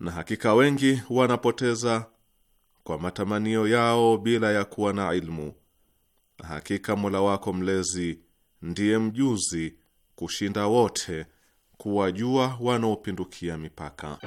na hakika wengi wanapoteza kwa matamanio yao bila ya kuwa na ilmu. Na hakika Mola wako mlezi ndiye mjuzi kushinda wote kuwajua wanaopindukia mipaka.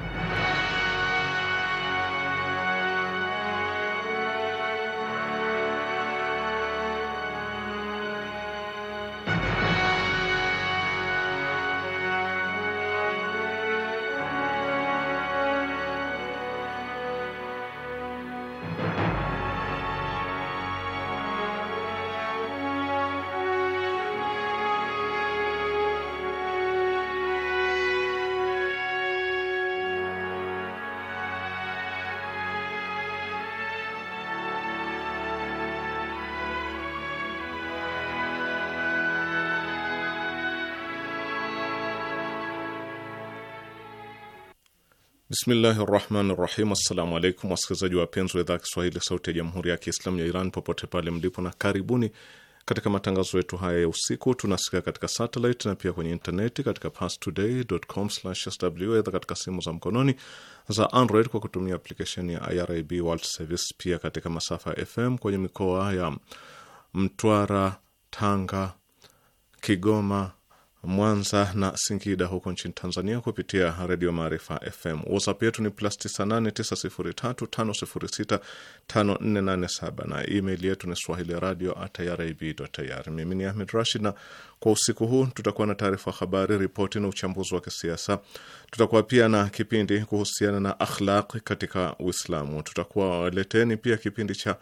Bismillahi rahmani rahim. Assalamu alaikum waskilizaji wapenzi wa idhaa ya Kiswahili sauti ya jamhuri ya Kiislamu ya Iran popote pale mlipo, na karibuni katika matangazo yetu haya ya usiku. tunasikika katika satellite na pia kwenye intaneti katika parstoday.com/sw, aidha katika simu za mkononi za Android kwa kutumia aplikesheni ya IRIB World Service, pia katika masafa ya FM kwenye mikoa ya Mtwara, Tanga, Kigoma, Mwanza na Singida huko nchini Tanzania kupitia redio Maarifa FM. WhatsApp yetu ni plus 989035065487 na email yetu ni swahili radio irib.ir. Mimi ni Ahmed Rashid, na kwa usiku huu tutakuwa na taarifa habari, ripoti na uchambuzi wa kisiasa. Tutakuwa pia na kipindi kuhusiana na akhlaq katika Uislamu. Tutakuwa waleteni pia kipindi cha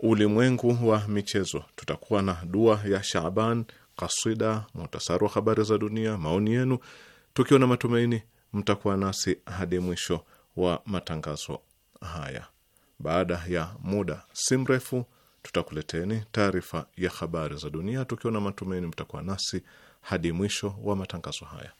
ulimwengu wa michezo. Tutakuwa na dua ya Shaban kaswida, muhtasari wa habari za dunia, maoni yenu, tukiwa na matumaini mtakuwa nasi hadi mwisho wa matangazo haya. Baada ya muda si mrefu, tutakuleteni taarifa ya habari za dunia, tukiwa na matumaini mtakuwa nasi hadi mwisho wa matangazo haya.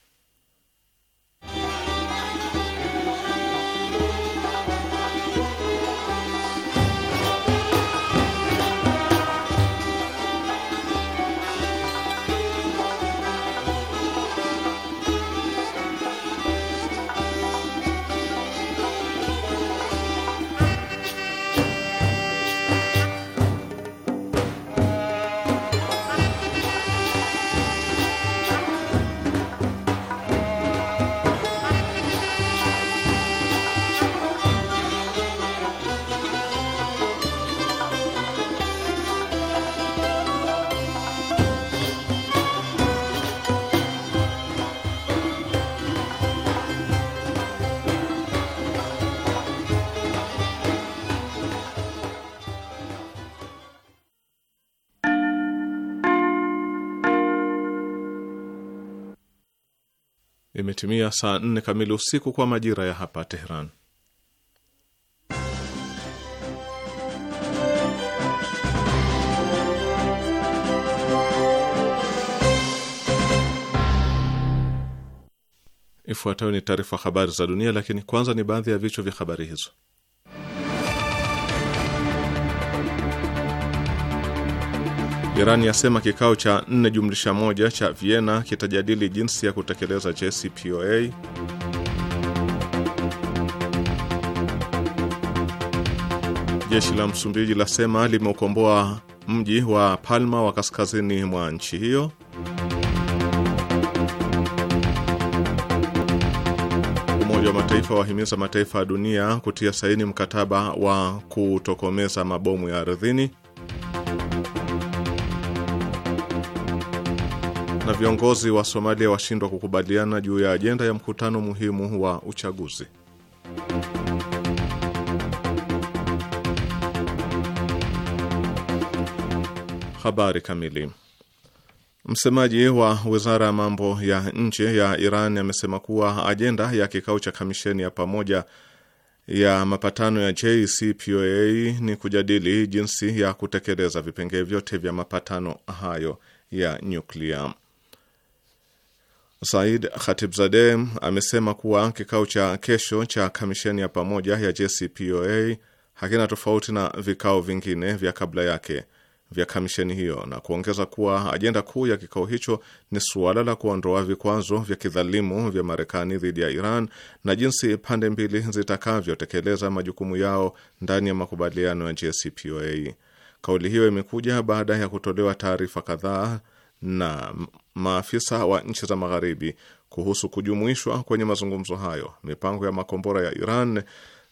imetimia saa nne kamili usiku kwa majira ya hapa Teheran. Ifuatayo ni taarifa habari za dunia, lakini kwanza ni baadhi ya vichwa vya habari hizo. Iran yasema kikao cha nne jumlisha moja cha Vienna kitajadili jinsi ya kutekeleza JCPOA. Jeshi la Msumbiji lasema limeukomboa mji wa Palma wa kaskazini mwa nchi hiyo. Umoja wa Mataifa wahimiza mataifa ya dunia kutia saini mkataba wa kutokomeza mabomu ya ardhini. na viongozi wa Somalia washindwa kukubaliana juu ya ajenda ya mkutano muhimu wa uchaguzi. Habari kamili. Msemaji wa wizara ya mambo ya nje ya Iran amesema kuwa ajenda ya kikao cha kamisheni ya pamoja ya mapatano ya JCPOA ni kujadili jinsi ya kutekeleza vipengee vyote vya mapatano hayo ya nyuklia. Said Khatibzadeh amesema kuwa kikao cha kesho cha kamisheni ya pamoja ya JCPOA hakina tofauti na vikao vingine vya kabla yake vya kamisheni hiyo na kuongeza kuwa ajenda kuu ya kikao hicho ni suala la kuondoa vikwazo vya kidhalimu vya Marekani dhidi ya Iran na jinsi pande mbili zitakavyotekeleza majukumu yao ndani ya makubaliano ya JCPOA. Kauli hiyo imekuja baada ya kutolewa taarifa kadhaa na maafisa wa nchi za Magharibi kuhusu kujumuishwa kwenye mazungumzo hayo mipango ya makombora ya Iran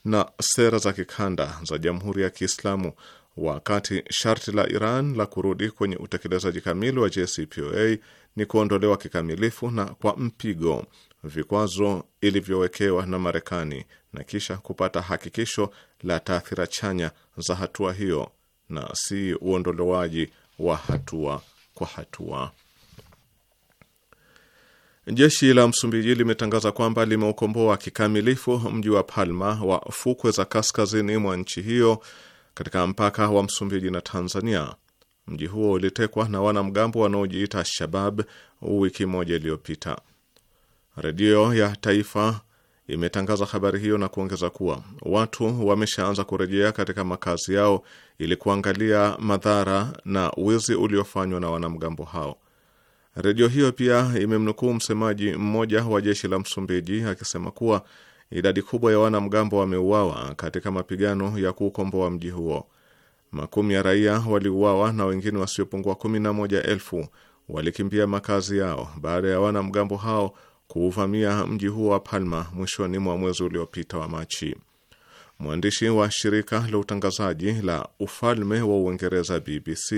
na sera za kikanda za Jamhuri ya Kiislamu, wakati sharti la Iran la kurudi kwenye utekelezaji kamili wa JCPOA ni kuondolewa kikamilifu na kwa mpigo vikwazo ilivyowekewa na Marekani na kisha kupata hakikisho la taathira chanya za hatua hiyo na si uondolewaji wa hatua kwa hatua. Jeshi la Msumbiji limetangaza kwamba limeukomboa kikamilifu mji wa Palma wa fukwe za kaskazini mwa nchi hiyo katika mpaka wa Msumbiji na Tanzania. Mji huo ulitekwa na wanamgambo wanaojiita Shabab wiki moja iliyopita. Redio ya Taifa imetangaza habari hiyo na kuongeza kuwa watu wameshaanza kurejea katika makazi yao ili kuangalia madhara na wizi uliofanywa na wanamgambo hao. Redio hiyo pia imemnukuu msemaji mmoja wa jeshi la Msumbiji akisema kuwa idadi kubwa ya wanamgambo wameuawa katika mapigano ya kuukomboa mji huo. Makumi ya raia waliuawa na wengine wasiopungua kumi na moja elfu walikimbia makazi yao baada ya wanamgambo hao kuuvamia mji huo wa Palma mwishoni mwa mwezi uliopita wa Machi. Mwandishi wa shirika la utangazaji la ufalme wa Uingereza BBC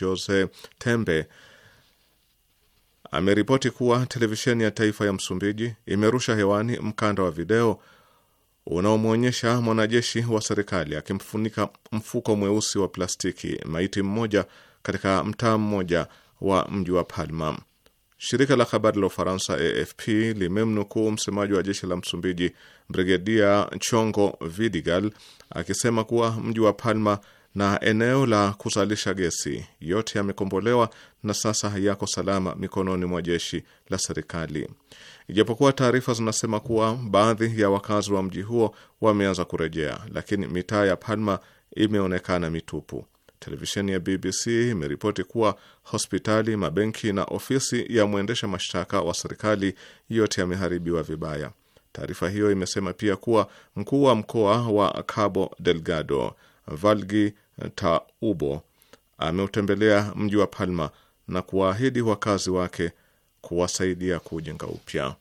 Jose Tembe ameripoti kuwa televisheni ya taifa ya Msumbiji imerusha hewani mkanda wa video unaomwonyesha mwanajeshi wa serikali akimfunika mfuko mweusi wa plastiki maiti mmoja katika mtaa mmoja wa mji wa Palma. Shirika la habari la Ufaransa AFP limemnukuu msemaji wa jeshi la Msumbiji Brigedia Chongo Vidigal akisema kuwa mji wa Palma na eneo la kuzalisha gesi yote yamekombolewa na sasa yako salama mikononi mwa jeshi la serikali, ijapokuwa taarifa zinasema kuwa baadhi ya wakazi wa mji huo wameanza kurejea, lakini mitaa ya Palma imeonekana mitupu. Televisheni ya BBC imeripoti kuwa hospitali, mabenki na ofisi ya mwendesha mashtaka wa serikali yote yameharibiwa vibaya. Taarifa hiyo imesema pia kuwa mkuu wa mkoa wa Cabo Delgado Valgi Taubo ameutembelea mji wa Palma na kuwaahidi wakazi wake kuwasaidia kuujenga upya.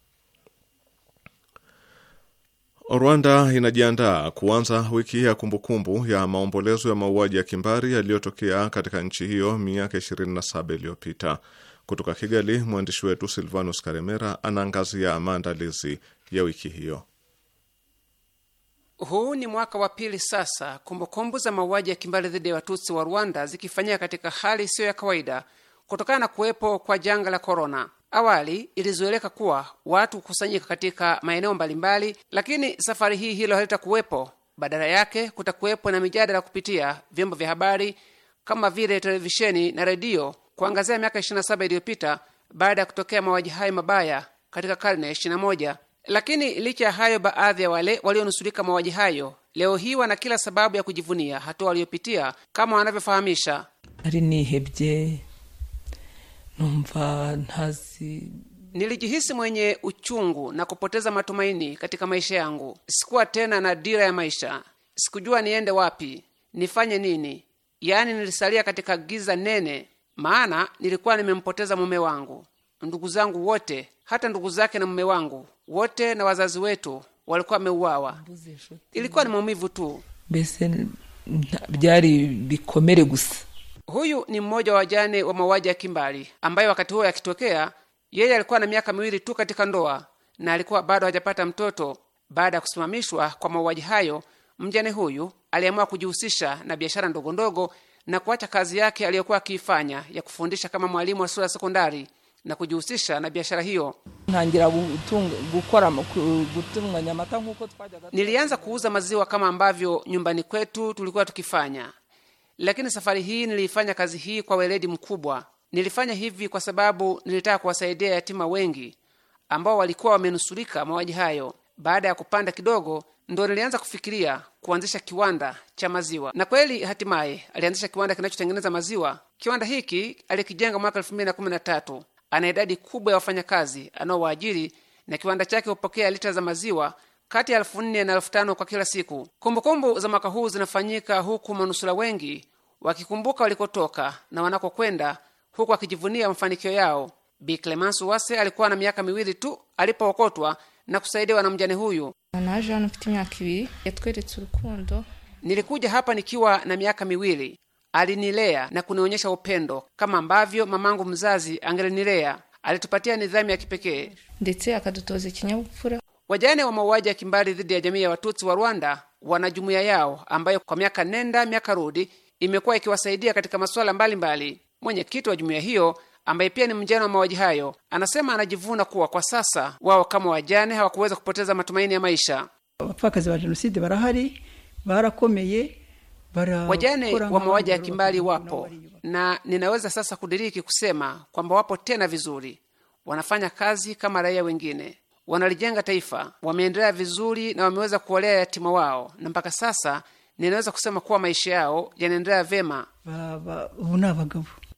Rwanda inajiandaa kuanza wiki ya kumbukumbu ya maombolezo ya mauaji ya kimbari yaliyotokea katika nchi hiyo miaka 27 iliyopita. Kutoka Kigali, mwandishi wetu Silvanus Karemera anaangazia maandalizi ya wiki hiyo. Huu ni mwaka wa pili sasa kumbukumbu za mauaji ya kimbali dhidi ya Watutsi wa Rwanda zikifanyika katika hali isiyo ya kawaida kutokana na kuwepo kwa janga la korona. Awali ilizoeleka kuwa watu kusanyika katika maeneo mbalimbali, lakini safari hii hilo halitakuwepo. Badala yake kutakuwepo na mijadala kupitia vyombo vya habari kama vile televisheni na redio kuangazia miaka 27 iliyopita baada ya kutokea mauaji hayo mabaya katika karne ya 21. Lakini licha ya hayo, baadhi ya wale walionusurika mauaji hayo leo hii wana kila sababu ya kujivunia hatua waliopitia, kama wanavyofahamisha arinihebye numva ntazi Nilijihisi mwenye uchungu na kupoteza matumaini katika maisha yangu. Sikuwa tena na dira ya maisha, sikujua niende wapi, nifanye nini. Yaani nilisalia katika giza nene, maana nilikuwa nimempoteza mume wangu ndugu zangu wote, hata ndugu zake na mume wangu wote na wazazi wetu walikuwa wameuawa. Ilikuwa ni maumivu tu, mbese byari bikomere gusa. Huyu ni mmoja wa wajane wa mauaji ya kimbali, ambaye wakati huo yakitokea, yeye alikuwa na miaka miwili tu katika ndoa na alikuwa bado hajapata mtoto. Baada ya kusimamishwa kwa mauaji hayo, mjane huyu aliamua kujihusisha na biashara ndogondogo na kuacha kazi yake aliyokuwa akiifanya ya kufundisha kama mwalimu wa shule ya sekondari na kujihusisha na biashara hiyo. Nilianza kuuza maziwa kama ambavyo nyumbani kwetu tulikuwa tukifanya, lakini safari hii niliifanya kazi hii kwa weledi mkubwa. Nilifanya hivi kwa sababu nilitaka kuwasaidia yatima wengi ambao walikuwa wamenusurika mauaji hayo. Baada ya kupanda kidogo, ndo nilianza kufikiria kuanzisha kiwanda cha maziwa, na kweli hatimaye alianzisha kiwanda kinachotengeneza maziwa. Kiwanda hiki alikijenga mwaka elfu mbili na kumi na tatu ana idadi kubwa ya wafanyakazi anaowaajiri na kiwanda chake hupokea lita za maziwa kati ya elfu nne na elfu tano kwa kila siku. Kumbukumbu kumbu za mwaka huu zinafanyika huku manusura wengi wakikumbuka walikotoka na wanakokwenda, huku wakijivunia mafanikio yao. Bi Clemence Wase alikuwa na miaka miwili tu alipookotwa na kusaidiwa na mjane huyu. Nilikuja hapa nikiwa na miaka miwili alinilea na kunionyesha upendo kama ambavyo mamangu mzazi angelinilea. Alitupatia nidhamu ya kipekee ndetse akadutoza ikinyabupfura. Wajane wa mauaji ya kimbari dhidi ya jamii ya Watutsi wa Rwanda wana jumuiya yao ambayo kwa miaka nenda miaka rudi imekuwa ikiwasaidia katika masuala mbalimbali. Mwenyekiti wa jumuiya hiyo ambaye pia ni mjane wa mauaji hayo anasema anajivuna kuwa kwa sasa wao kama wajane hawakuweza kupoteza matumaini ya maisha. Abapfakazi ba jenoside barahari barakomeye Wajane wa mauaji ya kimbali wapo, na ninaweza sasa kudiriki kusema kwamba wapo tena vizuri, wanafanya kazi kama raia wengine, wanalijenga taifa, wameendelea vizuri na wameweza kuwalea yatima wao, na mpaka sasa ninaweza kusema kuwa maisha yao yanaendelea vema.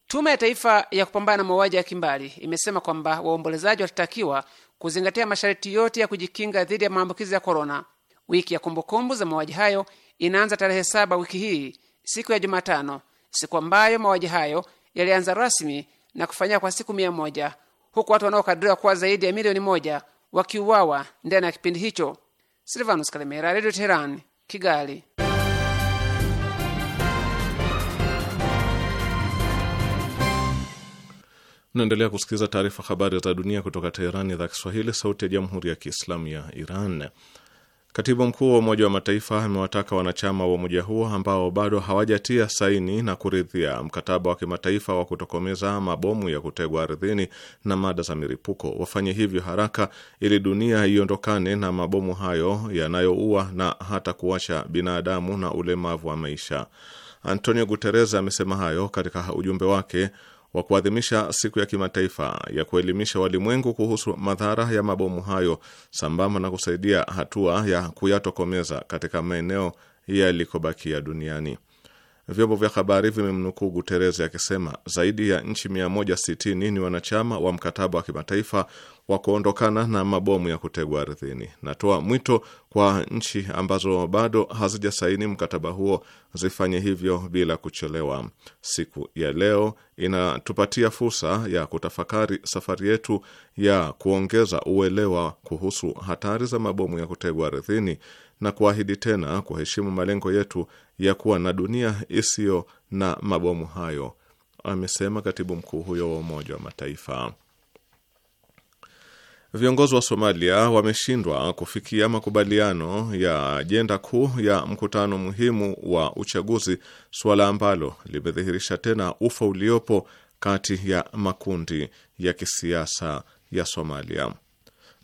Tume ya Taifa ya Kupambana na Mauaji ya Kimbali imesema kwamba waombolezaji watatakiwa kuzingatia masharti yote ya kujikinga dhidi ya maambukizi ya korona. Wiki ya kumbukumbu za mauaji hayo inaanza tarehe saba wiki hii, siku ya Jumatano, siku ambayo mauaji hayo yalianza rasmi na kufanyika kwa siku mia moja huku watu wanaokadiriwa kuwa zaidi ya milioni moja wakiuawa ndani ya kipindi hicho. Silvanus Kalemera, Redio Teheran, Kigali. Naendelea kusikiliza taarifa habari za dunia kutoka Teherani, idhaa Kiswahili, sauti ya jamhuri ya kiislamu ya Iran. Katibu mkuu wa Umoja wa Mataifa amewataka wanachama wa umoja huo ambao bado hawajatia saini na kuridhia mkataba wa kimataifa wa kutokomeza mabomu ya kutegwa ardhini na mada za milipuko wafanye hivyo haraka ili dunia iondokane na mabomu hayo yanayoua na hata kuacha binadamu na ulemavu wa maisha. Antonio Guterres amesema hayo katika ujumbe wake wa kuadhimisha siku ya kimataifa ya kuelimisha walimwengu kuhusu madhara ya mabomu hayo sambamba na kusaidia hatua ya kuyatokomeza katika maeneo yalikobakia duniani. Vyombo vya habari vimemnukuu Guterres akisema zaidi ya nchi 160 ni wanachama wa mkataba wa kimataifa wa kuondokana na mabomu ya kutegwa ardhini. Natoa mwito kwa nchi ambazo bado hazijasaini mkataba huo zifanye hivyo bila kuchelewa. Siku ya leo inatupatia fursa ya kutafakari safari yetu ya kuongeza uelewa kuhusu hatari za mabomu ya kutegwa ardhini na kuahidi tena kuheshimu malengo yetu ya kuwa na dunia isiyo na mabomu hayo, amesema katibu mkuu huyo wa Umoja wa Mataifa. Viongozi wa Somalia wameshindwa kufikia makubaliano ya ajenda kuu ya mkutano muhimu wa uchaguzi, suala ambalo limedhihirisha tena ufa uliopo kati ya makundi ya kisiasa ya Somalia.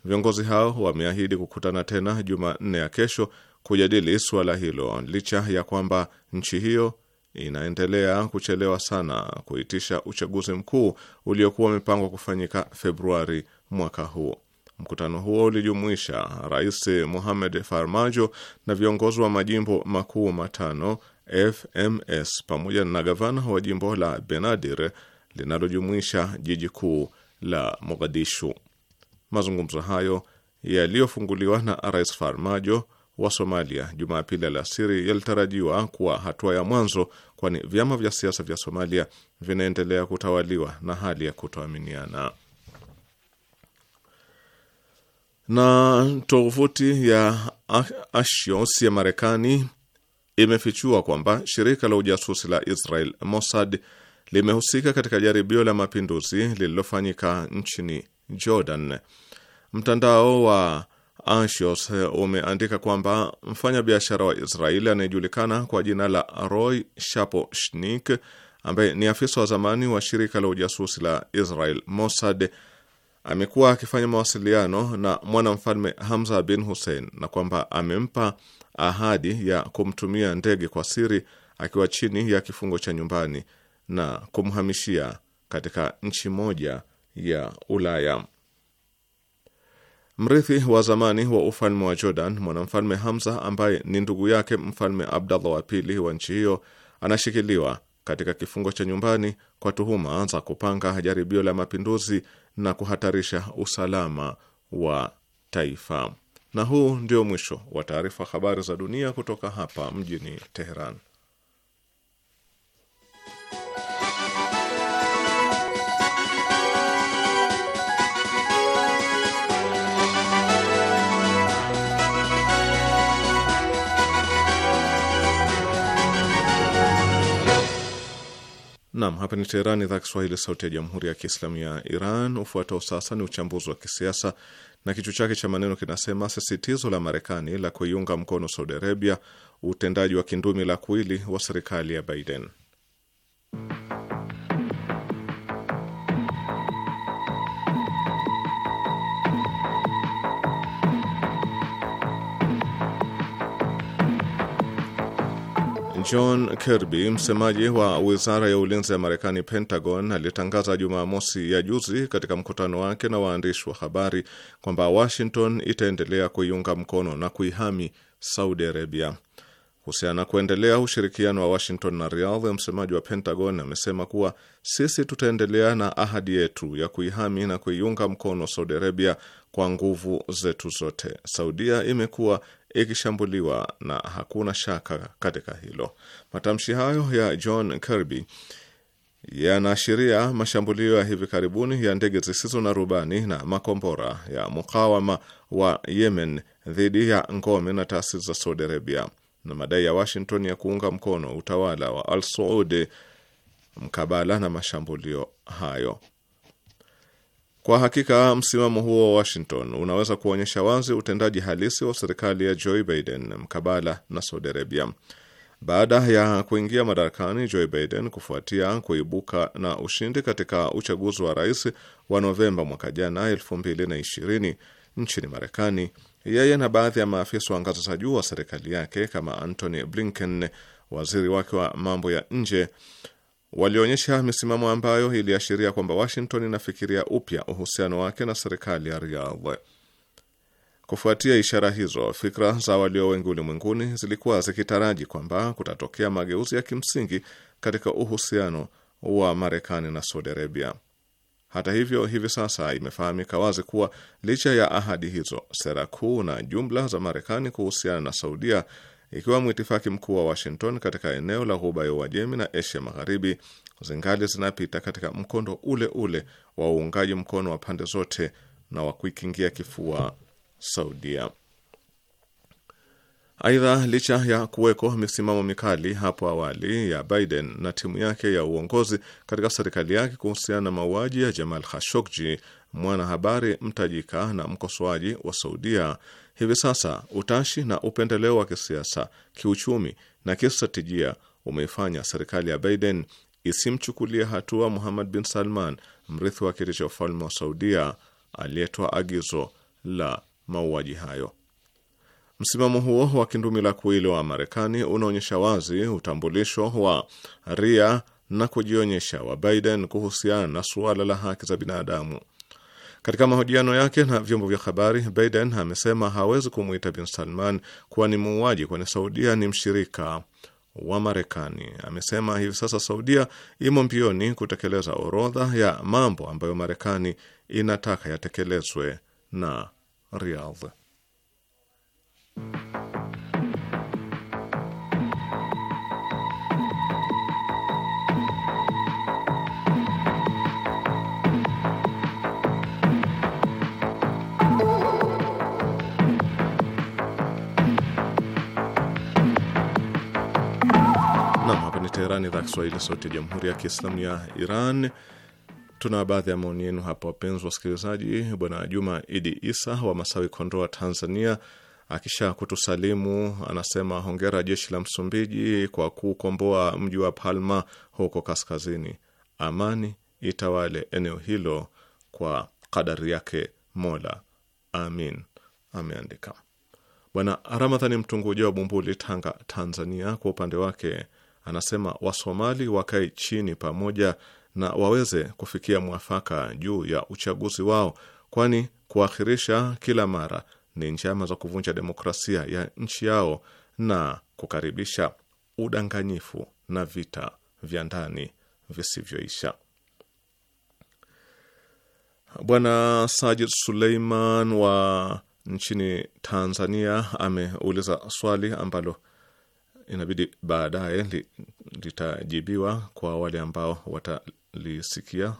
Viongozi hao wameahidi kukutana tena Jumanne ya kesho kujadili suala hilo licha ya kwamba nchi hiyo inaendelea kuchelewa sana kuitisha uchaguzi mkuu uliokuwa umepangwa kufanyika Februari mwaka huo. Mkutano huo ulijumuisha Rais Mohamed Farmajo na viongozi wa majimbo makuu matano FMS pamoja na gavana wa jimbo la Benadir linalojumuisha jiji kuu la Mogadishu. Mazungumzo hayo yaliyofunguliwa na Rais Farmajo wa Somalia Jumapili alasiri yalitarajiwa kuwa hatua ya mwanzo, kwani vyama vya siasa vya Somalia vinaendelea kutawaliwa na hali ya kutoaminiana. Na tovuti ya Axios ya Marekani imefichua kwamba shirika la ujasusi la Israel Mossad limehusika katika jaribio la mapinduzi lililofanyika nchini Jordan. Mtandao wa Anshios eh, umeandika kwamba mfanyabiashara wa Israeli anayejulikana kwa jina la Roy Shaposhnik ambaye ni afisa wa zamani wa shirika la ujasusi la Israel Mossad amekuwa akifanya mawasiliano na mwanamfalme Hamza bin Hussein na kwamba amempa ahadi ya kumtumia ndege kwa siri akiwa chini ya kifungo cha nyumbani na kumhamishia katika nchi moja ya Ulaya. Mrithi wa zamani wa ufalme wa Jordan, mwanamfalme Hamza ambaye ni ndugu yake mfalme Abdallah wa pili wa nchi hiyo anashikiliwa katika kifungo cha nyumbani kwa tuhuma za kupanga jaribio la mapinduzi na kuhatarisha usalama wa taifa. Na huu ndio mwisho wa taarifa habari za dunia kutoka hapa mjini Teheran. Nam, hapa ni Teherani, idhaa Kiswahili, sauti ya jamhuri ya kiislamu ya Iran. Ufuatao sasa ni uchambuzi wa kisiasa na kichwa chake cha maneno kinasema: sisitizo la Marekani la kuiunga mkono Saudi Arabia, utendaji wa kindumi la kuili wa serikali ya Biden. John Kirby, msemaji wa wizara ya ulinzi ya Marekani, Pentagon, alitangaza Jumamosi ya juzi katika mkutano wake na waandishi wa habari kwamba Washington itaendelea kuiunga mkono na kuihami Saudi Arabia. Kuhusiana na kuendelea ushirikiano wa Washington na Riyadh, msemaji wa Pentagon amesema kuwa sisi tutaendelea na ahadi yetu ya kuihami na kuiunga mkono Saudi Arabia kwa nguvu zetu zote. Saudia imekuwa ikishambuliwa na hakuna shaka katika hilo. Matamshi hayo ya John Kirby yanaashiria mashambulio ya hivi karibuni ya ndege zisizo na rubani na makombora ya mukawama wa Yemen dhidi ya ngome na taasisi za Saudi Arabia na madai ya Washington ya kuunga mkono utawala wa Al Saud mkabala na mashambulio hayo. Kwa hakika msimamo huo wa Washington unaweza kuonyesha wazi utendaji halisi wa serikali ya Joe Biden mkabala na Saudi Arabia. Baada ya kuingia madarakani Joe Biden, kufuatia kuibuka na ushindi katika uchaguzi wa rais wa Novemba mwaka jana 2020 nchini Marekani, yeye na baadhi ya maafisa wa ngazi za juu wa serikali yake kama Antony Blinken, waziri wake wa mambo ya nje, walionyesha misimamo ambayo iliashiria kwamba Washington inafikiria upya uhusiano wake na serikali ya Riyadh. Kufuatia ishara hizo, fikra za walio wengi ulimwenguni zilikuwa zikitaraji kwamba kutatokea mageuzi ya kimsingi katika uhusiano wa Marekani na Saudi Arabia. Hata hivyo, hivi sasa imefahamika wazi kuwa licha ya ahadi hizo, sera kuu na jumla za Marekani kuhusiana na Saudia, ikiwa mwitifaki mkuu wa Washington katika eneo la Ghuba ya Uajemi na Asia Magharibi, zingali zinapita katika mkondo ule ule wa uungaji mkono wa pande zote na wa kuikingia kifua Saudia. Aidha, licha ya kuweko misimamo mikali hapo awali ya Biden na timu yake ya uongozi katika serikali yake kuhusiana na mauaji ya Jamal Khashoggi, mwanahabari mtajika na mkosoaji wa Saudia, hivi sasa utashi na upendeleo wa kisiasa, kiuchumi na kistratejia umeifanya serikali ya Biden isimchukulia hatua Muhammad bin Salman, mrithi wa kiti cha ufalme wa Saudia, aliyetoa agizo la mauaji hayo. Msimamo huo wa kindumila kuili wa Marekani unaonyesha wazi utambulisho wa ria na kujionyesha wa Biden kuhusiana na suala la haki za binadamu. Katika mahojiano yake na vyombo vya habari, Biden amesema hawezi kumwita bin Salman kuwa ni muuaji, kwani Saudia ni mshirika wa Marekani. Amesema hivi sasa Saudia imo mbioni kutekeleza orodha ya mambo ambayo Marekani inataka yatekelezwe na Riyadh. Teherani, idhaa Kiswahili, sauti ya jamhuri ya kiislamu ya Iran. Tuna baadhi ya maoni yenu hapa, wapenzi wasikilizaji. Bwana Juma Idi Isa wa Masawi, Kondoa, Tanzania, Akisha kutusalimu anasema hongera jeshi la Msumbiji kwa kukomboa mji wa Palma huko kaskazini. Amani itawale eneo hilo kwa kadari yake Mola, amin. Ameandika Bwana Ramadhani Mtunguja wa Bumbuli, Tanga, Tanzania. Kwa upande wake anasema Wasomali wakae chini pamoja na waweze kufikia mwafaka juu ya uchaguzi wao, kwani kuakhirisha kila mara ni njama za kuvunja demokrasia ya nchi yao na kukaribisha udanganyifu na vita vya ndani visivyoisha. Bwana Sajid Suleiman wa nchini Tanzania ameuliza swali ambalo inabidi baadaye litajibiwa kwa wale ambao watalisikia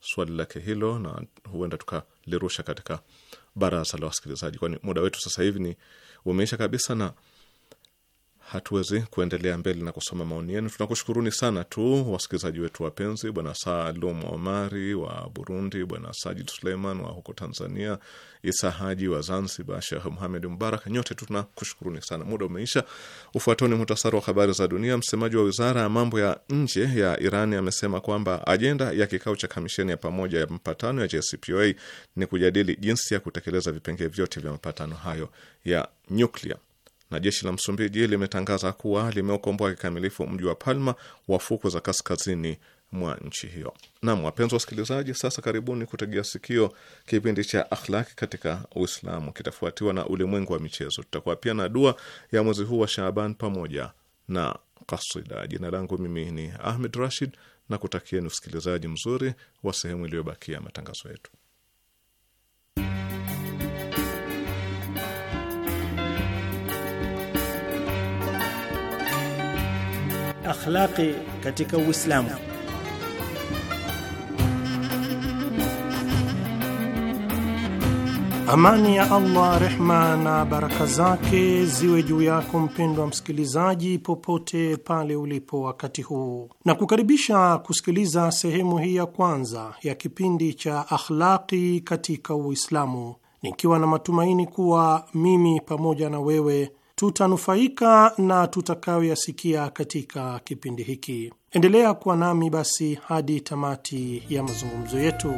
swali lake hilo, na huenda tukalirusha katika baraza la wasikilizaji, kwani muda wetu sasa hivi ni umeisha kabisa, na hatuwezi kuendelea mbele na kusoma maoni yenu. Tunakushukuruni sana tu wasikilizaji wetu wapenzi, bwana Salum Omari wa Burundi, bwana Sajid Suleiman wa huko Tanzania, Isa Haji wa Zanzibar, Shekh Muhamed Mubarak, nyote tu tunakushukuruni sana. Muda umeisha. Ufuatao ni muhtasari wa habari za dunia. Msemaji wa wizara ya mambo ya nje ya iran amesema kwamba ajenda ya kikao cha kamisheni ya pamoja ya mapatano ya JCPOA ni kujadili jinsi ya kutekeleza vipengee vyote vya mapatano hayo ya nyuklia na jeshi la Msumbiji limetangaza kuwa limeokomboa kikamilifu mji wa Palma wa fuko za kaskazini mwa nchi hiyo. Naam, wapenzi wasikilizaji, sasa karibuni kutegea sikio kipindi cha Akhlaki katika Uislamu, kitafuatiwa na ulimwengu wa michezo. Tutakuwa pia na dua ya mwezi huu wa Shaaban pamoja na kasida. Jina langu mimi ni Ahmed Rashid na kutakieni usikilizaji mzuri wa sehemu iliyobakia matangazo yetu. akhlaqi katika Uislamu. Amani ya Allah, rehma na baraka zake ziwe juu yako mpendwa msikilizaji, popote pale ulipo wakati huu, na kukaribisha kusikiliza sehemu hii ya kwanza ya kipindi cha akhlaqi katika Uislamu, nikiwa na matumaini kuwa mimi pamoja na wewe tutanufaika na tutakayoyasikia katika kipindi hiki. Endelea kuwa nami basi hadi tamati ya mazungumzo yetu.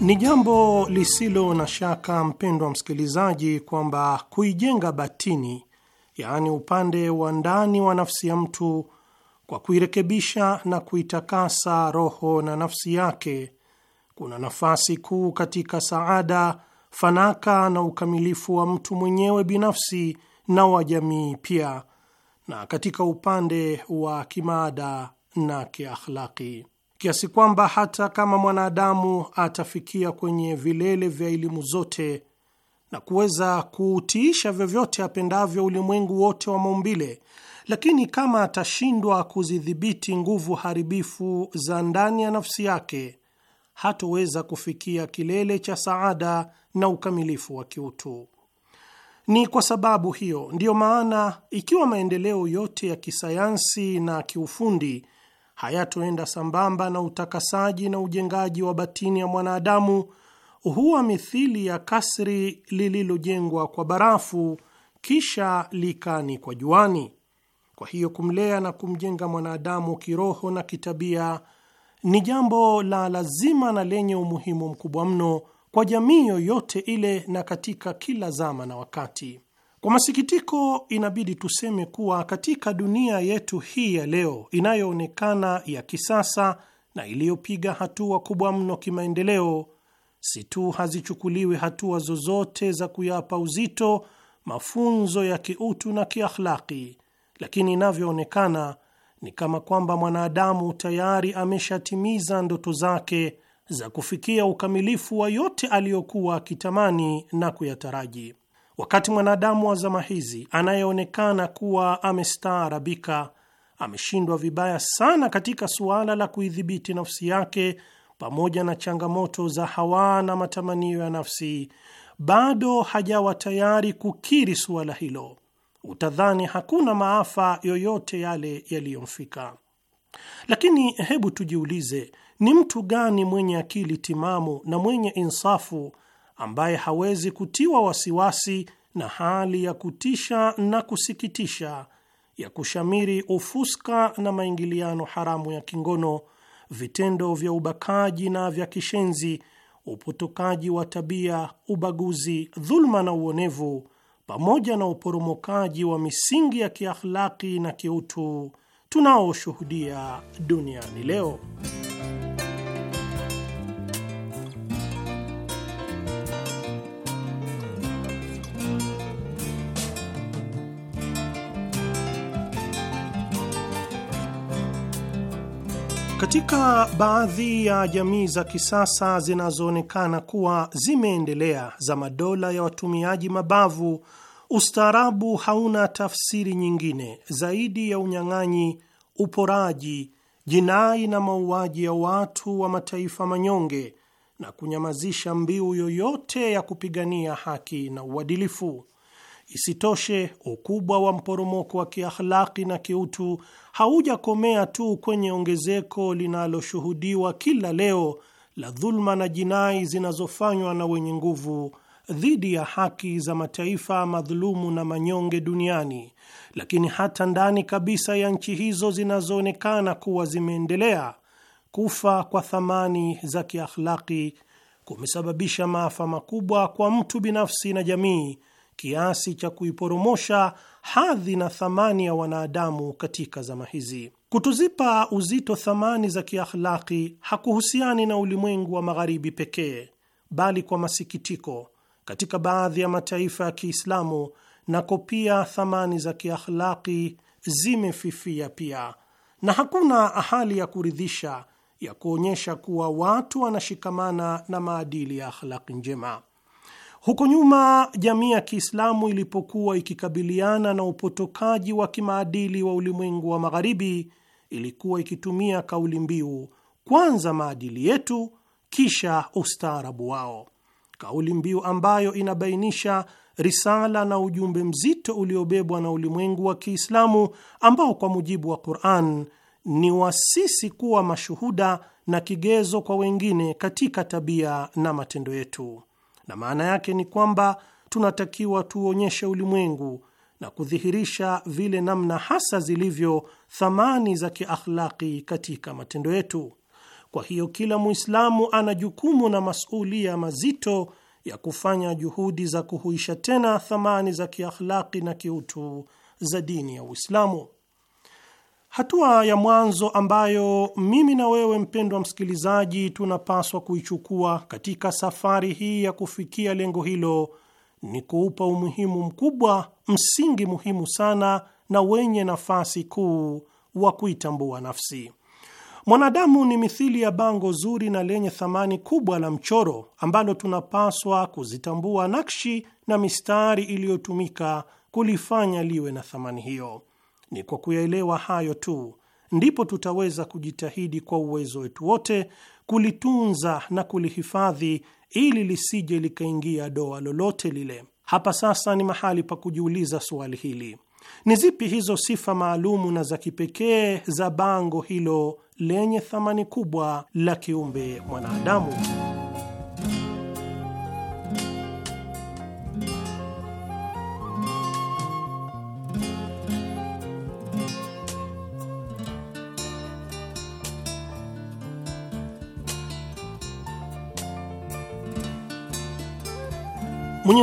Ni jambo lisilo na shaka, mpendwa msikilizaji, kwamba kuijenga batini, yaani upande wa ndani wa nafsi ya mtu kwa kuirekebisha na kuitakasa roho na nafsi yake kuna nafasi kuu katika saada, fanaka na ukamilifu wa mtu mwenyewe binafsi na wa jamii pia, na katika upande wa kimaada na kiakhlaki, kiasi kwamba hata kama mwanadamu atafikia kwenye vilele vya elimu zote na kuweza kuutiisha vyovyote apendavyo ulimwengu wote wa maumbile lakini kama atashindwa kuzidhibiti nguvu haribifu za ndani ya nafsi yake, hatoweza kufikia kilele cha saada na ukamilifu wa kiutu. Ni kwa sababu hiyo ndiyo maana ikiwa maendeleo yote ya kisayansi na kiufundi hayatoenda sambamba na utakasaji na ujengaji wa batini ya mwanadamu, huwa mithili ya kasri lililojengwa kwa barafu kisha likani kwa juani. Kwa hiyo kumlea na kumjenga mwanadamu kiroho na kitabia ni jambo la lazima na lenye umuhimu mkubwa mno kwa jamii yoyote ile na katika kila zama na wakati. Kwa masikitiko, inabidi tuseme kuwa katika dunia yetu hii ya leo inayoonekana ya kisasa na iliyopiga hatua kubwa mno kimaendeleo, si tu hazichukuliwi hatua zozote za kuyapa uzito mafunzo ya kiutu na kiakhlaki lakini inavyoonekana ni kama kwamba mwanadamu tayari ameshatimiza ndoto zake za kufikia ukamilifu wa yote aliyokuwa akitamani na kuyataraji. Wakati mwanadamu wa zama hizi anayeonekana kuwa amestaarabika ameshindwa vibaya sana katika suala la kuidhibiti nafsi yake pamoja na changamoto za hawa na matamanio ya nafsi, bado hajawa tayari kukiri suala hilo utadhani hakuna maafa yoyote yale yaliyomfika. Lakini hebu tujiulize, ni mtu gani mwenye akili timamu na mwenye insafu ambaye hawezi kutiwa wasiwasi na hali ya kutisha na kusikitisha ya kushamiri ufuska na maingiliano haramu ya kingono, vitendo vya ubakaji na vya kishenzi, upotokaji wa tabia, ubaguzi, dhuluma na uonevu pamoja na uporomokaji wa misingi ya kiakhlaki na kiutu tunaoshuhudia duniani leo. Katika baadhi ya jamii za kisasa zinazoonekana kuwa zimeendelea za madola ya watumiaji mabavu, ustaarabu hauna tafsiri nyingine zaidi ya unyang'anyi, uporaji, jinai na mauaji ya watu wa mataifa manyonge na kunyamazisha mbiu yoyote ya kupigania haki na uadilifu. Isitoshe, ukubwa wa mporomoko wa kiakhlaki na kiutu haujakomea tu kwenye ongezeko linaloshuhudiwa kila leo la dhuluma na jinai zinazofanywa na wenye nguvu dhidi ya haki za mataifa madhulumu na manyonge duniani, lakini hata ndani kabisa ya nchi hizo zinazoonekana kuwa zimeendelea, kufa kwa thamani za kiakhlaki kumesababisha maafa makubwa kwa mtu binafsi na jamii kiasi cha kuiporomosha hadhi na thamani ya wanadamu katika zama hizi. Kutuzipa uzito thamani za kiakhlaki hakuhusiani na ulimwengu wa magharibi pekee, bali kwa masikitiko, katika baadhi ya mataifa ya Kiislamu nako pia thamani za kiakhlaki zimefifia pia, na hakuna hali ya kuridhisha ya kuonyesha kuwa watu wanashikamana na maadili ya akhlaki njema. Huko nyuma jamii ya Kiislamu ilipokuwa ikikabiliana na upotokaji wa kimaadili wa ulimwengu wa Magharibi, ilikuwa ikitumia kauli mbiu kwanza maadili yetu, kisha ustaarabu wao, kauli mbiu ambayo inabainisha risala na ujumbe mzito uliobebwa na ulimwengu wa Kiislamu ambao kwa mujibu wa Quran ni wasisi kuwa mashuhuda na kigezo kwa wengine katika tabia na matendo yetu na maana yake ni kwamba tunatakiwa tuonyeshe ulimwengu na kudhihirisha vile namna hasa zilivyo thamani za kiakhlaki katika matendo yetu. Kwa hiyo kila Muislamu ana jukumu na masulia mazito ya kufanya juhudi za kuhuisha tena thamani za kiakhlaki na kiutu za dini ya Uislamu. Hatua ya mwanzo ambayo mimi na wewe mpendwa msikilizaji, tunapaswa kuichukua katika safari hii ya kufikia lengo hilo ni kuupa umuhimu mkubwa msingi muhimu sana na wenye nafasi kuu wa kuitambua nafsi. Mwanadamu ni mithili ya bango zuri na lenye thamani kubwa la mchoro ambalo tunapaswa kuzitambua nakshi na mistari iliyotumika kulifanya liwe na thamani hiyo. Ni kwa kuyaelewa hayo tu ndipo tutaweza kujitahidi kwa uwezo wetu wote kulitunza na kulihifadhi ili lisije likaingia doa lolote lile. Hapa sasa ni mahali pa kujiuliza suali hili: ni zipi hizo sifa maalumu na za kipekee za bango hilo lenye thamani kubwa la kiumbe mwanadamu?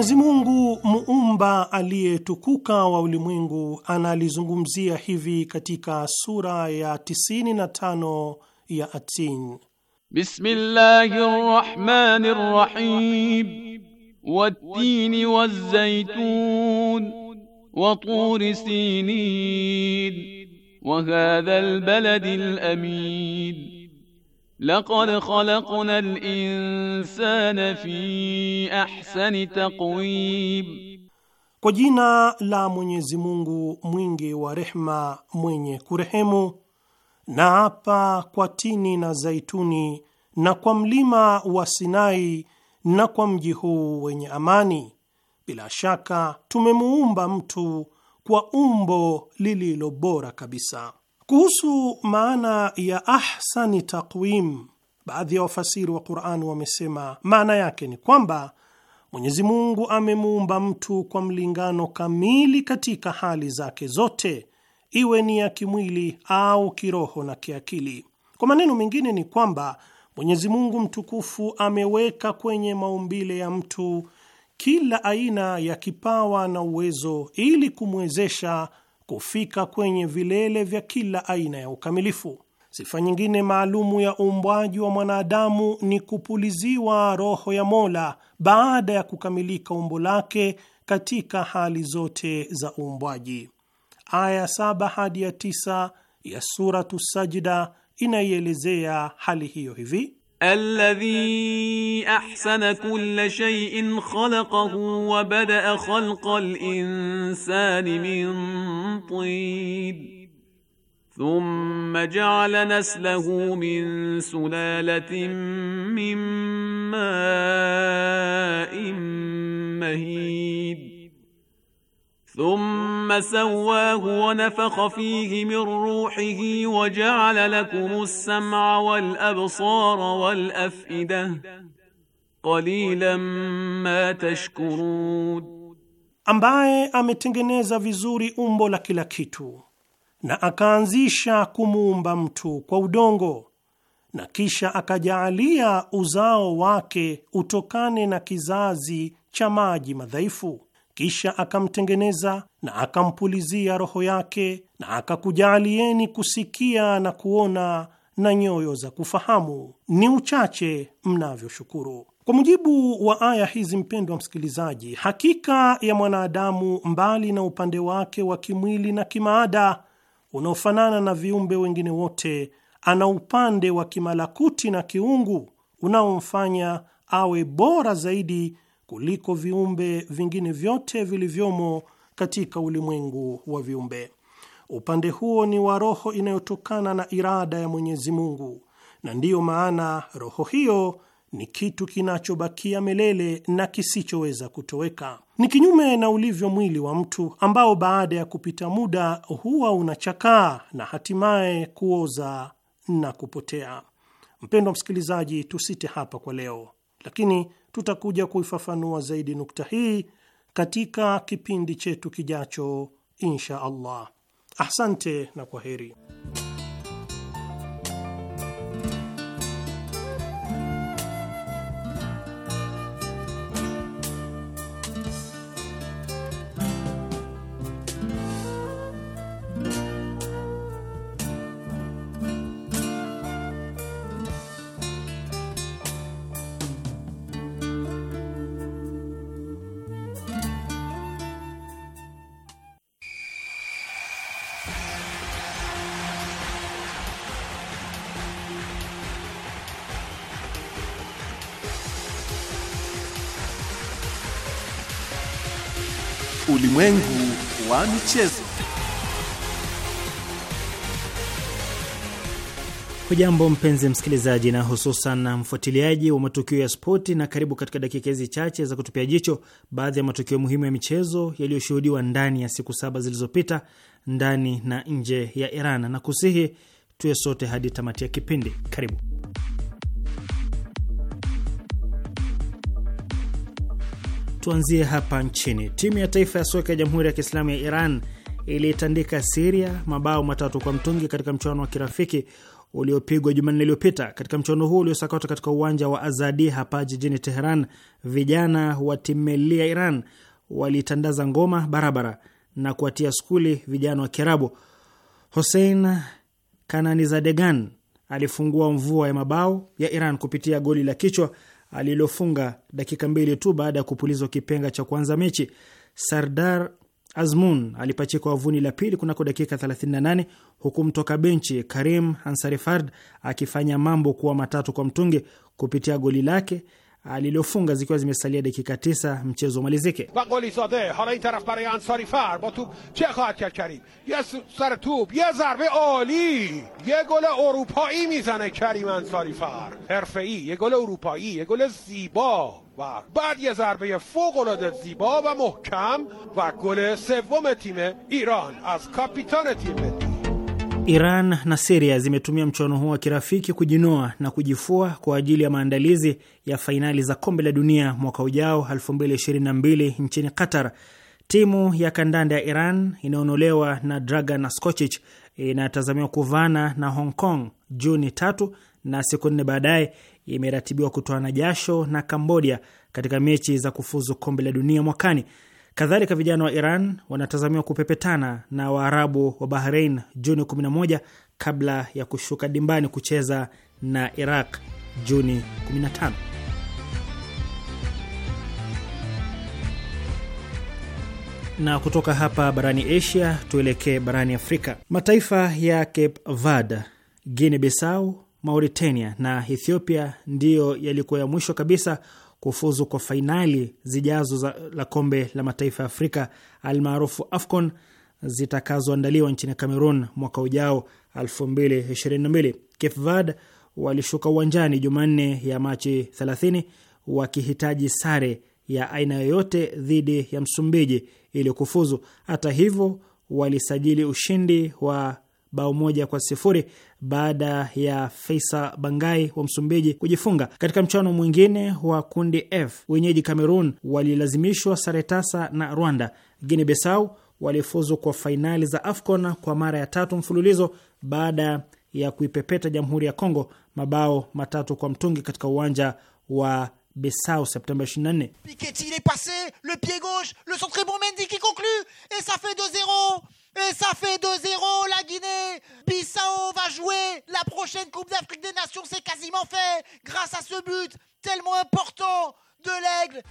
Mwenyezi Mungu muumba aliyetukuka wa ulimwengu analizungumzia hivi katika sura ya 95 ya Atin: Bismillahir Rahmanir Rahim wat-tini wa turi sinin wa hadha al-baladi al Laqad khalaqna al-insana fi ahsani taqwim, kwa jina la Mwenyezi Mungu mwingi wa rehma mwenye kurehemu. Na hapa kwa tini na zaituni na kwa mlima wa Sinai na kwa mji huu wenye amani, bila shaka tumemuumba mtu kwa umbo lililo bora kabisa. Kuhusu maana ya ahsani taqwim, baadhi ya wafasiri wa Qur'an wamesema maana yake ni kwamba Mwenyezi Mungu amemuumba mtu kwa mlingano kamili katika hali zake zote, iwe ni ya kimwili au kiroho na kiakili. Kwa maneno mengine ni kwamba Mwenyezi Mungu mtukufu ameweka kwenye maumbile ya mtu kila aina ya kipawa na uwezo ili kumwezesha kufika kwenye vilele vya kila aina ya ukamilifu. Sifa nyingine maalumu ya uumbwaji wa mwanadamu ni kupuliziwa roho ya Mola baada ya kukamilika umbo lake katika hali zote za uumbwaji. Aya saba hadi ya tisa ya Suratu Sajida inaielezea hali hiyo hivi: الذي احسن كل شيء خلقه وبدا خلق الانسان من طين ثم جعل نسله من سلاله من ماء مهيد thumma sawwahu wa nafakha fihi min ruhihi wa ja'ala lakum as-sam'a wal absara wal af'ida qalilan ma tashkurun, ambaye ametengeneza vizuri umbo la kila kitu na akaanzisha kumuumba mtu kwa udongo na kisha akajaalia uzao wake utokane na kizazi cha maji madhaifu kisha akamtengeneza na akampulizia roho yake na akakujaalieni kusikia na kuona na nyoyo za kufahamu, ni uchache mnavyoshukuru. Kwa mujibu wa aya hizi, mpendwa msikilizaji, hakika ya mwanadamu, mbali na upande wake wa kimwili na kimaada unaofanana na viumbe wengine wote, ana upande wa kimalakuti na kiungu unaomfanya awe bora zaidi kuliko viumbe vingine vyote vilivyomo katika ulimwengu wa viumbe. Upande huo ni wa roho inayotokana na irada ya Mwenyezi Mungu, na ndiyo maana roho hiyo ni kitu kinachobakia milele na kisichoweza kutoweka. Ni kinyume na ulivyo mwili wa mtu ambao baada ya kupita muda huwa unachakaa na hatimaye kuoza na kupotea. Mpendwa msikilizaji, tusite hapa kwa leo, lakini Tutakuja kuifafanua zaidi nukta hii katika kipindi chetu kijacho, insha Allah. Asante na kwa heri. Ulimwengu wa michezo. Hujambo mpenzi msikilizaji na hususan mfuatiliaji wa matukio ya spoti, na karibu katika dakika hizi chache za kutupia jicho baadhi ya matukio muhimu ya michezo yaliyoshuhudiwa ndani ya siku saba zilizopita ndani na nje ya Iran, na kusihi tuwe sote hadi tamati ya kipindi. Karibu. Tuanzie hapa nchini. Timu ya taifa ya soka ya Jamhuri ya Kiislamu ya Iran ilitandika Siria mabao matatu kwa mtungi katika mchuano wa kirafiki uliopigwa Jumanne iliyopita. Katika mchuano huo uliosakata katika uwanja wa Azadi hapa jijini Teheran, vijana wa timu ya Iran walitandaza ngoma barabara na kuwatia skuli vijana wa Kiarabu. hosein kananizadegan alifungua mvua ya mabao ya Iran kupitia goli la kichwa alilofunga dakika mbili tu baada ya kupulizwa kipenga cha kuanza mechi. Sardar Azmun alipachika wavuni la pili kunako dakika 38 huku mtoka benchi Karim Ansarifard akifanya mambo kuwa matatu kwa mtungi kupitia goli lake علیل و فونگ از اینکه از مثالیه دیگه که کتیست همچنین زومالی زیکه و گلی حالا این طرف برای انصاری فر با توب چه خواهد کرد کریم یه سر توب یه ضربه عالی یه گل اروپایی میزنه کریم انصاری فر هرفه ای یه گل اروپایی یه گل زیبا و بعد یه ضربه فوق فوقلاد زیبا و محکم و گل سوم تیم ایران از کاپیتان تیم مدی Iran na Siria zimetumia mchuano huo wa kirafiki kujinoa na kujifua kwa ajili ya maandalizi ya fainali za kombe la dunia mwaka ujao 2022 nchini Qatar. Timu ya kandanda ya Iran inayoonolewa na Dragan Skocic inatazamiwa kuvana na Hong Kong Juni tatu, na siku nne baadaye imeratibiwa kutoana jasho na Kambodia katika mechi za kufuzu kombe la dunia mwakani. Kadhalika, vijana wa Iran wanatazamiwa kupepetana na Waarabu wa bahrein Juni 11 kabla ya kushuka dimbani kucheza na Iraq Juni 15. Na kutoka hapa barani Asia tuelekee barani Afrika. Mataifa ya Cape Verde, Guinea Bissau, Mauritania na Ethiopia ndiyo yalikuwa ya mwisho kabisa kufuzu kwa fainali zijazo za, la kombe la mataifa ya Afrika almaarufu AFCON zitakazoandaliwa nchini Cameroon mwaka ujao 2022. Cape Verde walishuka uwanjani Jumanne ya Machi 30 wakihitaji sare ya aina yoyote dhidi ya Msumbiji ili kufuzu. Hata hivyo, walisajili ushindi wa bao moja kwa sifuri baada ya Faisa Bangai wa Msumbiji kujifunga. Katika mchuano mwingine wa kundi F, wenyeji Cameroon walilazimishwa sare tasa na Rwanda. Guinea Bissau walifuzu kwa fainali za AFCON kwa mara ya tatu mfululizo baada ya kuipepeta Jamhuri ya Kongo mabao matatu kwa mtungi katika uwanja wa Besao Septemba 24. Piketty il est le pied gauche, le centre est bon, Mendy qui conclut et ça fait 2-0. Et ça fait 2-0 la Guinée. Bissau va jouer la prochaine Coupe d'Afrique des Nations. C'est quasiment fait grâce à ce but tellement important de l'aigle.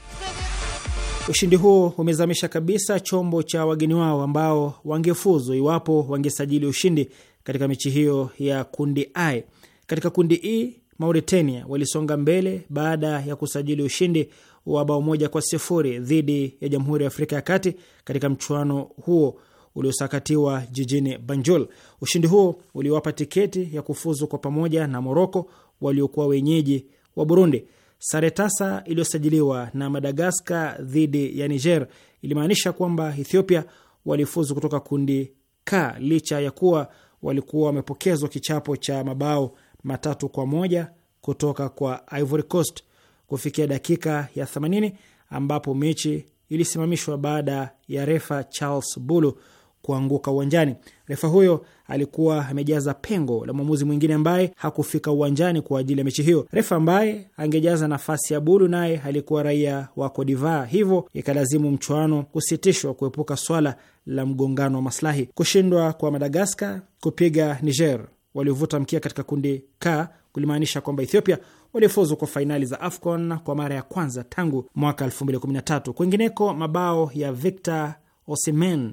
Ushindi huo umezamisha kabisa chombo cha wageni wao ambao wangefuzu iwapo wangesajili ushindi katika mechi hiyo ya kundi A. Katika kundi E, Mauritania walisonga mbele baada ya kusajili ushindi wa bao moja kwa sifuri dhidi ya Jamhuri ya Afrika ya Kati katika mchuano huo uliosakatiwa jijini Banjul. Ushindi huo uliwapa tiketi ya kufuzu kwa pamoja na Moroko waliokuwa wenyeji wa Burundi. Sare tasa iliyosajiliwa na Madagaskar dhidi ya Niger ilimaanisha kwamba Ethiopia walifuzu kutoka kundi K licha ya kuwa walikuwa wamepokezwa kichapo cha mabao matatu kwa moja kutoka kwa Ivory Coast kufikia dakika ya 80 ambapo mechi ilisimamishwa baada ya refa Charles Bulu kuanguka uwanjani. Refa huyo alikuwa amejaza pengo la mwamuzi mwingine ambaye hakufika uwanjani kwa ajili ya mechi hiyo. Refa ambaye angejaza nafasi ya Bulu naye alikuwa raia wa Kodivaa, hivyo ikalazimu mchuano kusitishwa kuepuka swala la mgongano wa maslahi. Kushindwa kwa Madagaskar kupiga Niger waliovuta mkia katika kundi K kulimaanisha kwamba Ethiopia walifuzu kwa fainali za AFCON kwa mara ya kwanza tangu mwaka 2013. Kwingineko, mabao ya Victor Osimhen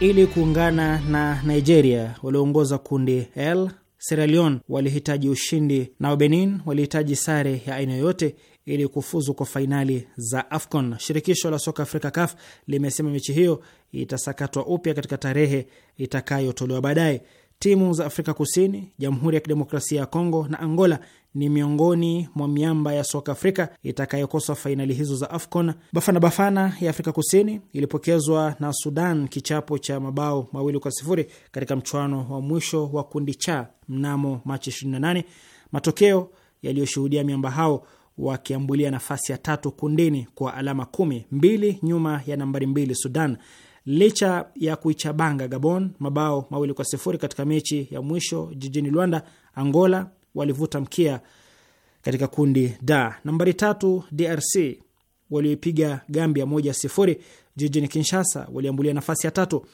Ili kuungana na Nigeria walioongoza kundi L, Sierra Leone walihitaji ushindi na Benin walihitaji sare ya aina yoyote ili kufuzu kwa fainali za AFCON. Shirikisho la soka Afrika, CAF, limesema mechi hiyo itasakatwa upya katika tarehe itakayotolewa baadaye. Timu za Afrika Kusini, Jamhuri ya Kidemokrasia ya Kongo na Angola ni miongoni mwa miamba ya soka Afrika itakayokosa fainali hizo za AFCON. Bafana Bafana ya Afrika Kusini ilipokezwa na Sudan kichapo cha mabao mawili kwa sifuri katika mchuano wa mwisho wa kundi cha mnamo Machi 28, matokeo yaliyoshuhudia miamba hao wakiambulia nafasi ya tatu kundini kwa alama kumi, mbili nyuma ya nambari mbili Sudan licha ya kuichabanga Gabon mabao mawili kwa sifuri katika mechi ya mwisho jijini Luanda. Angola walivuta mkia katika kundi D. Nambari tatu DRC walioipiga Gambia moja sifuri jijini Kinshasa waliambulia nafasi ya tatu.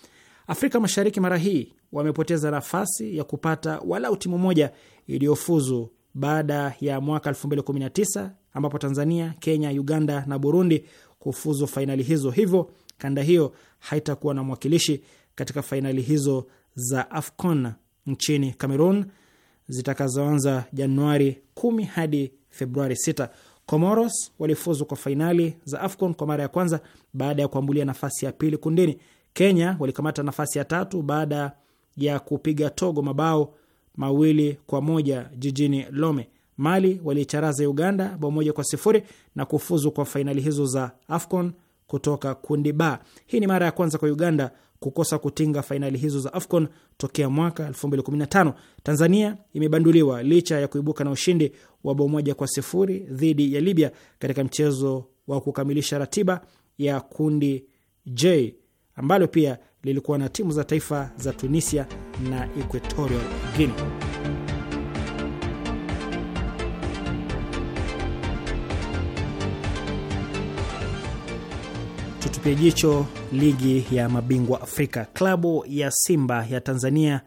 Afrika Mashariki mara hii wamepoteza nafasi ya kupata walau timu moja iliyofuzu baada ya mwaka 2019 ambapo Tanzania, Kenya, Uganda na Burundi kufuzu fainali hizo, hivyo kanda hiyo haitakuwa na mwakilishi katika fainali hizo za AFCON nchini Cameroon zitakazoanza Januari 10 hadi Februari 6. Comoros walifuzu kwa fainali za AFCON kwa mara ya kwanza baada ya kuambulia nafasi ya pili kundini. Kenya walikamata nafasi ya tatu baada ya kupiga Togo mabao mawili kwa moja jijini Lome. Mali waliicharaza Uganda bao moja kwa sifuri na kufuzu kwa fainali hizo za AFCON kutoka kundi ba. Hii ni mara ya kwanza kwa Uganda kukosa kutinga fainali hizo za AFCON tokea mwaka 2015. Tanzania imebanduliwa licha ya kuibuka na ushindi wa bao moja kwa sifuri dhidi ya Libya katika mchezo wa kukamilisha ratiba ya kundi J ambalo pia lilikuwa na timu za taifa za Tunisia na Equatorial Guinea. tutupia jicho ligi ya mabingwa Afrika. Klabu ya Simba ya Tanzania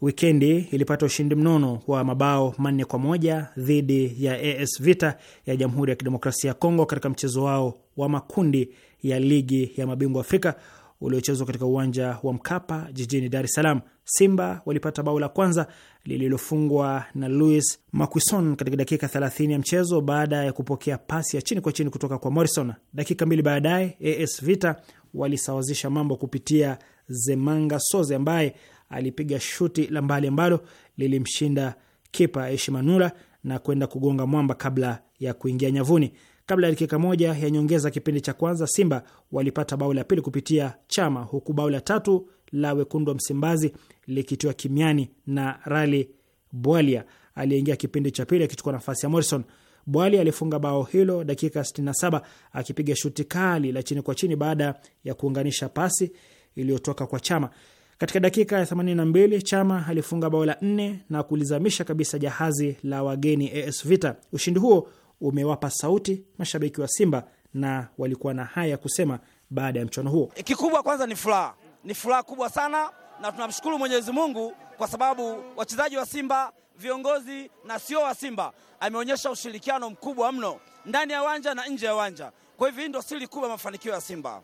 wikendi ilipata ushindi mnono wa mabao manne kwa moja dhidi ya AS Vita ya Jamhuri ya Kidemokrasia ya Kongo katika mchezo wao wa makundi ya ligi ya mabingwa Afrika uliochezwa katika uwanja wa Mkapa jijini Dar es Salaam. Simba walipata bao la kwanza lililofungwa na louis Maquison katika dakika 30 ya mchezo baada ya kupokea pasi ya chini kwa chini kutoka kwa Morrison. Dakika mbili baadaye AS Vita walisawazisha mambo kupitia Zemanga Soze ambaye alipiga shuti la mbali ambalo lilimshinda kipa Eshimanula na kwenda kugonga mwamba kabla ya kuingia nyavuni. Kabla ya dakika moja ya nyongeza kipindi cha kwanza, Simba walipata bao la pili kupitia Chama, huku bao la tatu la wekundu wa Msimbazi likitiwa kimiani na Rali Bwalia aliyeingia kipindi cha pili akichukua nafasi ya Morrison. Bwali alifunga bao hilo dakika 67 akipiga shuti kali la chini kwa chini baada ya kuunganisha pasi iliyotoka kwa Chama. Katika dakika ya 82 Chama alifunga bao la nne na kulizamisha kabisa jahazi la wageni AS Vita. Ushindi huo umewapa sauti mashabiki wa Simba na walikuwa na haya ya kusema baada ya mchuano huo. Eh, kikubwa kwanza ni furaha, ni furaha kubwa sana, na tunamshukuru Mwenyezi Mungu kwa sababu wachezaji wa Simba, viongozi na sio wa Simba, ameonyesha ushirikiano mkubwa mno ndani ya uwanja na nje ya uwanja. Kwa hivyo hii ndio siri kubwa mafanikio ya Simba.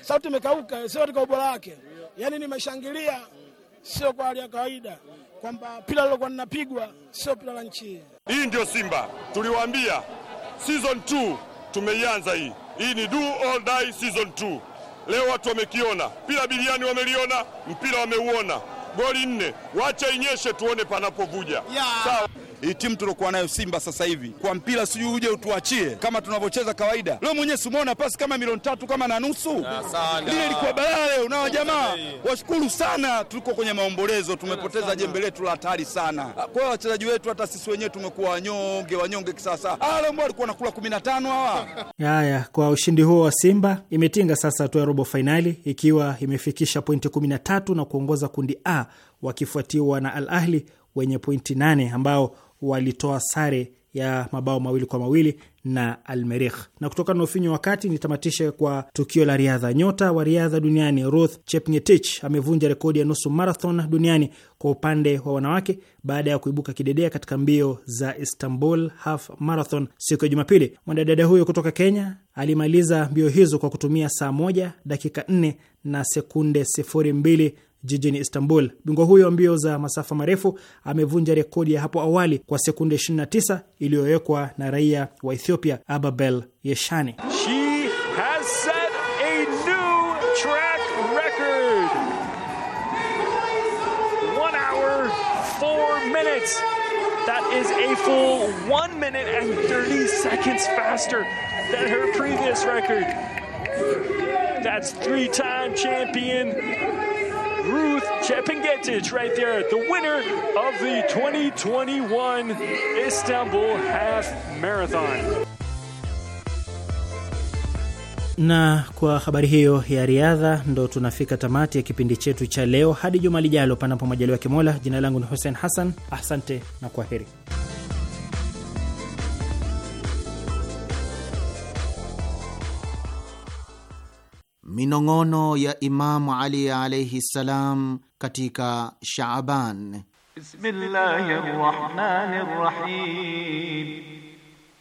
Sauti imekauka, sio katika ubora wake, yaani nimeshangilia, sio kwa hali ya kawaida kwamba pila lilokuwa linapigwa sio pila la nchi hii. Hii Simba tuliwaambia, season 2 tumeianza hii. Hii ni do or die season 2. Leo watu wamekiona, pila biliani wameliona, mpira wameuona, goli nne, wacha inyeshe tuone panapovuja, yeah. Sawa hii timu tuliokuwa nayo Simba sasa hivi kwa mpira, sijui uje utuachie kama tunavyocheza kawaida. Leo mwenyewe simuona pasi kama milioni tatu kama na nusu, lile ah, ilikuwa balaa leo. Na jamaa washukuru sana, tuko kwenye maombolezo, tumepoteza jembe letu la hatari sana. Ah, kwa wachezaji wetu, hata sisi wenyewe tumekuwa wanyonge wanyonge kisasa. Ah, leo alikuwa nakula 15 hawa. Haya, kwa ushindi huo wa Simba imetinga sasa hatua ya robo fainali ikiwa imefikisha pointi 13 na kuongoza kundi A wakifuatiwa na Al Ahli wenye pointi 8 ambao walitoa sare ya mabao mawili kwa mawili na Almerih. Na kutokana na ufinyu wa wakati, nitamatishe kwa tukio la riadha. Nyota wa riadha duniani Ruth Chepngetich amevunja rekodi ya nusu marathon duniani kwa upande wa wanawake baada ya kuibuka kidedea katika mbio za Istanbul Half Marathon siku ya Jumapili. Mwanadada huyo kutoka Kenya alimaliza mbio hizo kwa kutumia saa moja dakika 4 na sekunde sifuri mbili jijini Istanbul. Bingwa huyo mbio za masafa marefu amevunja rekodi ya hapo awali kwa sekunde 29 iliyowekwa na raia wa Ethiopia Ababel Yeshani. She has set a new track record. One hour, four minutes. That is a full one minute and 30 seconds faster than her previous record. That's three-time champion Ruth Chepengetic right there, the winner of the 2021 Istanbul Half Marathon. Na kwa habari hiyo ya riadha ndo tunafika tamati ya kipindi chetu cha leo. Hadi juma lijalo, panapo majaliwa Kimola. Jina langu ni Hussein Hassan, asante na kwa heri. minong'ono ya Imamu Ali alaihi ssalam katika Shaaban.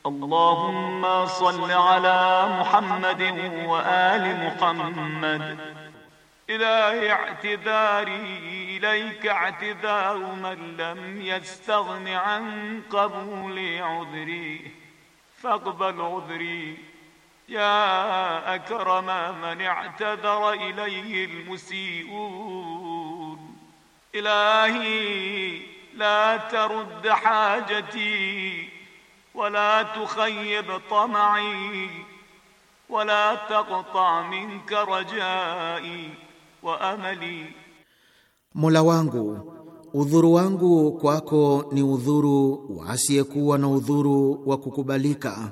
Allahumma salli ala Muhammadin wa ali Muhammad. Ilahi اعتذاري ilayka اعتذار man lam يستغن an قبول عذري faqbal عذري ya akrama man i'tadhara ilayhi almusii'un ilahi la tarudd hajati wala tukhayyib tam'i wala taqta' minka rajai wa amali, Mola wangu udhuru wangu kwako ni udhuru wasiyekuwa na udhuru wa kukubalika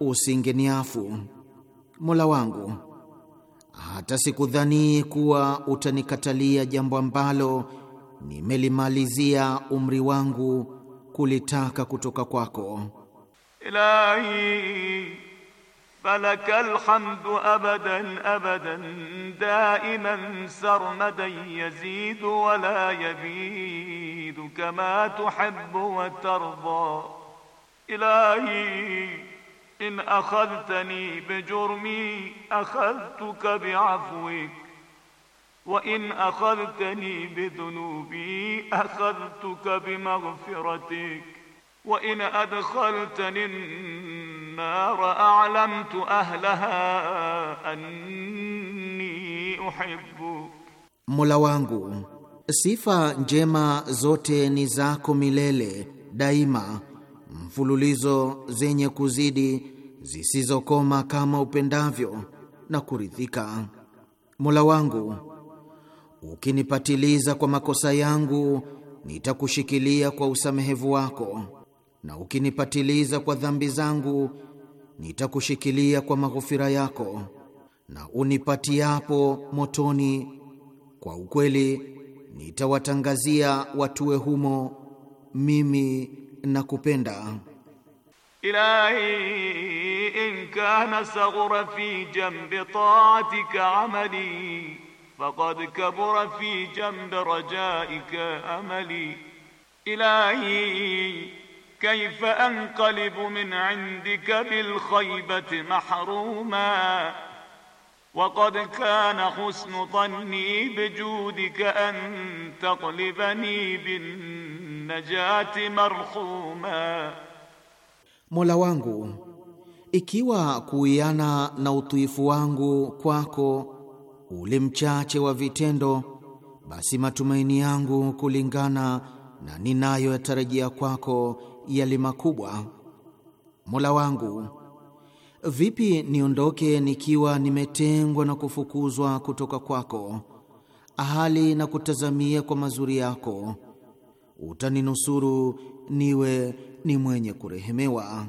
usingeniafu. Mola wangu, hata sikudhani kuwa utanikatalia jambo ambalo nimelimalizia umri wangu kulitaka kutoka kwako. Ilahi falakal hamdu abadan abadan daiman sarmadan yazidu wala yabidu kama tuhibbu wa tarda ilahi in akhadhtani bijurmi akhadhtuka bi'afwik wa in akhadhtani bidhunubi akhadhtuka bimaghfiratik wa in adkhaltani an-nar a'lamtu ahlaha anni uhibbuk, Mola wangu sifa njema zote ni zako milele daima mfululizo zenye kuzidi zisizokoma kama upendavyo na kuridhika. Mola wangu, ukinipatiliza kwa makosa yangu nitakushikilia kwa usamehevu wako, na ukinipatiliza kwa dhambi zangu nitakushikilia kwa maghofira yako, na unipatiapo motoni kwa ukweli nitawatangazia watue humo mimi na kupenda. Ilahi in kana saghura fi jambi ta'atika amali faqad kabura fi jambi rajaika amali Ilahi كيف أنقلب من عندك بالخيبة محروما وقد كان حسن ظني بجودك أن تقلبني بالنار najati marhuma, Mola wangu, ikiwa kuiana na utuifu wangu kwako ule mchache wa vitendo, basi matumaini yangu kulingana na ninayoyatarajia kwako yali makubwa. Mola wangu, vipi niondoke nikiwa nimetengwa na kufukuzwa kutoka kwako, ahali na kutazamia kwa mazuri yako utaninusuru niwe ni mwenye kurehemewa.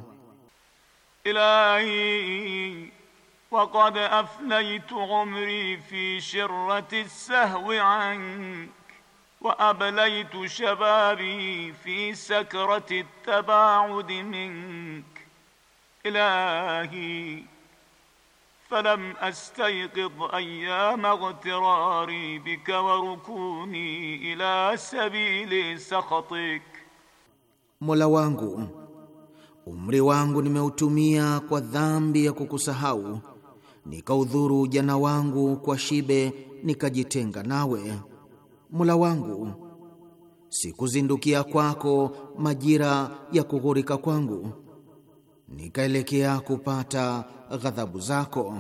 Ilahi waqad afnaytu umri fi shirrati sahwi ank wa ablaytu shababi fi sakrati tabaudi mink ilahi فلم أستيقظ أيام اغتراري بك وركوني إلى سبيل سخطك Mola wangu, umri wangu nimeutumia kwa dhambi ya kukusahau, nikaudhuru jana wangu kwa shibe, nikajitenga nawe. Mola wangu, sikuzindukia kwako majira ya kughurika kwangu, nikaelekea kupata ghadhabu zako.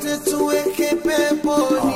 wote tuweke peponi.